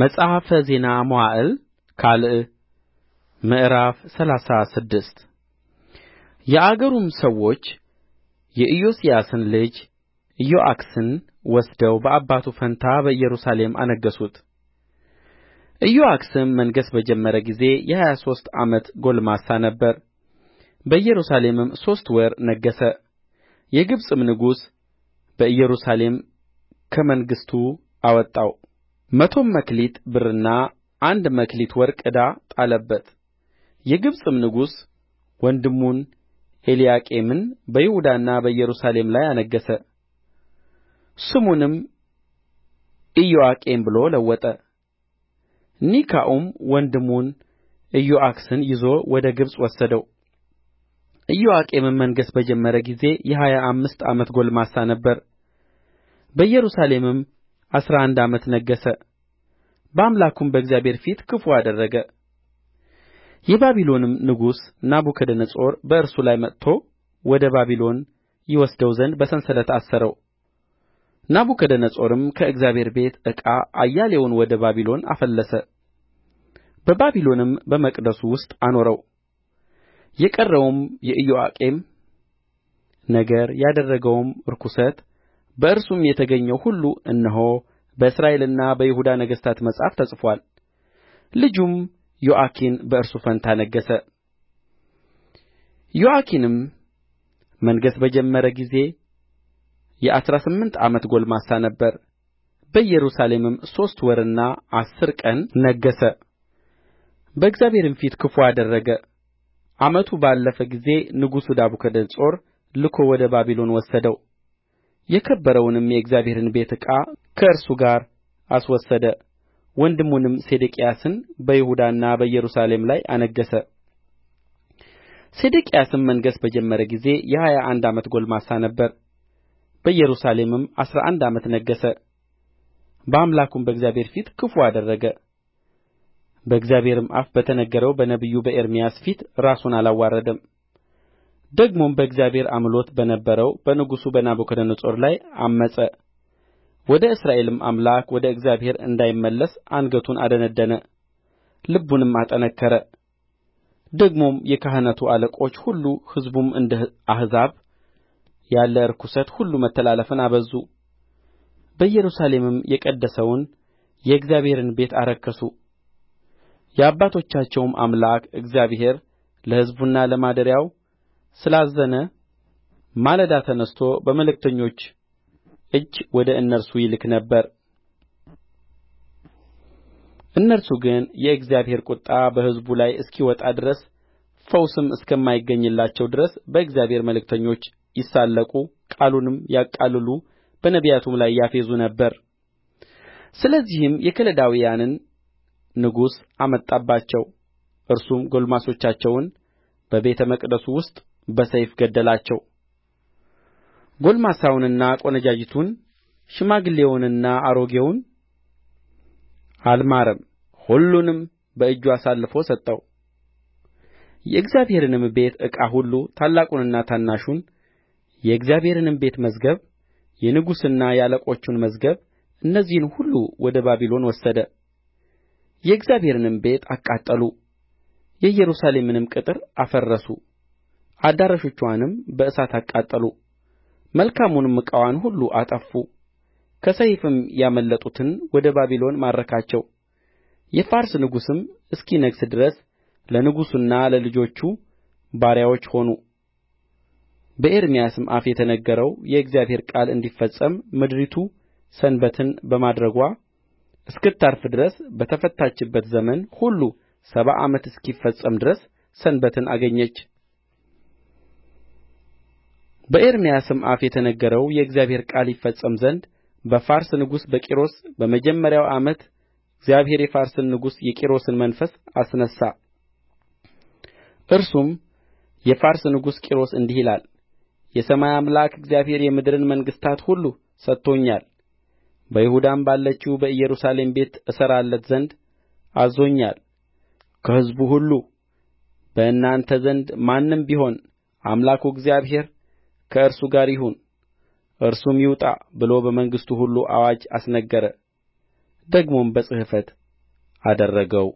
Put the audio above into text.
መጽሐፈ ዜና መዋዕል ካልዕ ምዕራፍ ሰላሳ ስድስት የአገሩም ሰዎች የኢዮስያስን ልጅ ኢዮአክስን ወስደው በአባቱ ፈንታ በኢየሩሳሌም አነገሡት። ኢዮአክስም መንገሥ በጀመረ ጊዜ የሀያ ሦስት ዓመት ጎልማሳ ነበር። በኢየሩሳሌምም ሦስት ወር ነገሠ። የግብጽም ንጉሥ በኢየሩሳሌም ከመንግሥቱ አወጣው። መቶም መክሊት ብርና አንድ መክሊት ወርቅ ዕዳ ጣለበት የግብጽም ንጉሥ ወንድሙን ኤልያቄምን በይሁዳና በኢየሩሳሌም ላይ አነገሠ ስሙንም ኢዮአቄም ብሎ ለወጠ ኒካዑም ወንድሙን ኢዮአክስን ይዞ ወደ ግብጽ ወሰደው ኢዮአቄምም መንገሥ በጀመረ ጊዜ የሀያ አምስት ዓመት ጕልማሳ ነበረ በኢየሩሳሌምም አሥራ አንድ ዓመት ነገሠ በአምላኩም በእግዚአብሔር ፊት ክፉ አደረገ የባቢሎንም ንጉሥ ናቡከደነፆር በእርሱ ላይ መጥቶ ወደ ባቢሎን ይወስደው ዘንድ በሰንሰለት አሰረው ናቡከደነፆርም ከእግዚአብሔር ቤት ዕቃ አያሌውን ወደ ባቢሎን አፈለሰ በባቢሎንም በመቅደሱ ውስጥ አኖረው የቀረውም የኢዮአቄም ነገር ያደረገውም ርኵሰት በእርሱም የተገኘው ሁሉ እነሆ በእስራኤልና በይሁዳ ነገሥታት መጽሐፍ ተጽፎአል ልጁም ዮአኪን በእርሱ ፋንታ ነገሠ ዮአኪንም መንገሥ በጀመረ ጊዜ የአሥራ ስምንት ዓመት ጕልማሳ ነበረ በኢየሩሳሌምም ሦስት ወርና አሥር ቀን ነገሠ በእግዚአብሔርም ፊት ክፉ አደረገ ዓመቱ ባለፈ ጊዜ ንጉሡ ናቡከደነፆር ልኮ ወደ ባቢሎን ወሰደው የከበረውንም የእግዚአብሔርን ቤት ዕቃ ከእርሱ ጋር አስወሰደ ወንድሙንም ሴዴቅያስን በይሁዳና በኢየሩሳሌም ላይ አነገሠ ሴዴቅያስም መንገሥ በጀመረ ጊዜ የሀያ አንድ ዓመት ጕልማሳ ነበረ በኢየሩሳሌምም አሥራ አንድ ዓመት ነገሠ በአምላኩም በእግዚአብሔር ፊት ክፉ አደረገ በእግዚአብሔርም አፍ በተናገረው በነቢዩ በኤርምያስ ፊት ራሱን አላዋረደም ደግሞም በእግዚአብሔር አምሎት በነበረው በንጉሡ በናቡከደነፆር ላይ ዐመፀ ወደ እስራኤልም አምላክ ወደ እግዚአብሔር እንዳይመለስ አንገቱን አደነደነ ልቡንም አጠነከረ ደግሞም የካህናቱ አለቆች ሁሉ ሕዝቡም እንደ አሕዛብ ያለ ርኵሰት ሁሉ መተላለፍን አበዙ በኢየሩሳሌምም የቀደሰውን የእግዚአብሔርን ቤት አረከሱ የአባቶቻቸውም አምላክ እግዚአብሔር ለሕዝቡና ለማደሪያው ስላዘነ ማለዳ ተነሥቶ በመልእክተኞች እጅ ወደ እነርሱ ይልክ ነበር እነርሱ ግን የእግዚአብሔር ቍጣ በሕዝቡ ላይ እስኪወጣ ድረስ ፈውስም እስከማይገኝላቸው ድረስ በእግዚአብሔር መልእክተኞች ይሳለቁ ቃሉንም ያቃልሉ በነቢያቱም ላይ ያፌዙ ነበር ስለዚህም የከለዳውያንን ንጉሥ አመጣባቸው እርሱም ጕልማሶቻቸውን በቤተ መቅደሱ ውስጥ በሰይፍ ገደላቸው ጕልማሳውንና ቈነጃጅቱን ሽማግሌውንና አሮጌውን አልማረም ሁሉንም በእጁ አሳልፎ ሰጠው የእግዚአብሔርንም ቤት ዕቃ ሁሉ ታላቁንና ታናሹን የእግዚአብሔርንም ቤት መዝገብ የንጉሡንና የአለቆቹን መዝገብ እነዚህን ሁሉ ወደ ባቢሎን ወሰደ። የእግዚአብሔርንም ቤት አቃጠሉ፣ የኢየሩሳሌምንም ቅጥር አፈረሱ። አዳራሾችዋንም በእሳት አቃጠሉ መልካሙንም ዕቃዋን ሁሉ አጠፉ ከሰይፍም ያመለጡትን ወደ ባቢሎን ማረካቸው የፋርስ ንጉሥም እስኪነግሥ ድረስ ለንጉሡና ለልጆቹ ባሪያዎች ሆኑ በኤርምያስም አፍ የተነገረው የእግዚአብሔር ቃል እንዲፈጸም ምድሪቱ ሰንበትን በማድረግዋ እስክታርፍ ድረስ በተፈታችበት ዘመን ሁሉ ሰባ ዓመት እስኪፈጸም ድረስ ሰንበትን አገኘች በኤርምያስም አፍ የተነገረው የእግዚአብሔር ቃል ይፈጸም ዘንድ በፋርስ ንጉሥ በቂሮስ በመጀመሪያው ዓመት እግዚአብሔር የፋርስን ንጉሥ የቂሮስን መንፈስ አስነሣ እርሱም የፋርስ ንጉሥ ቂሮስ እንዲህ ይላል የሰማይ አምላክ እግዚአብሔር የምድርን መንግሥታት ሁሉ ሰጥቶኛል በይሁዳም ባለችው በኢየሩሳሌም ቤት እሠራለት ዘንድ አዝዞኛል ከሕዝቡ ሁሉ በእናንተ ዘንድ ማንም ቢሆን አምላኩ እግዚአብሔር ከእርሱ ጋር ይሁን እርሱም ይውጣ ብሎ በመንግሥቱ ሁሉ አዋጅ አስነገረ ደግሞም በጽሕፈት አደረገው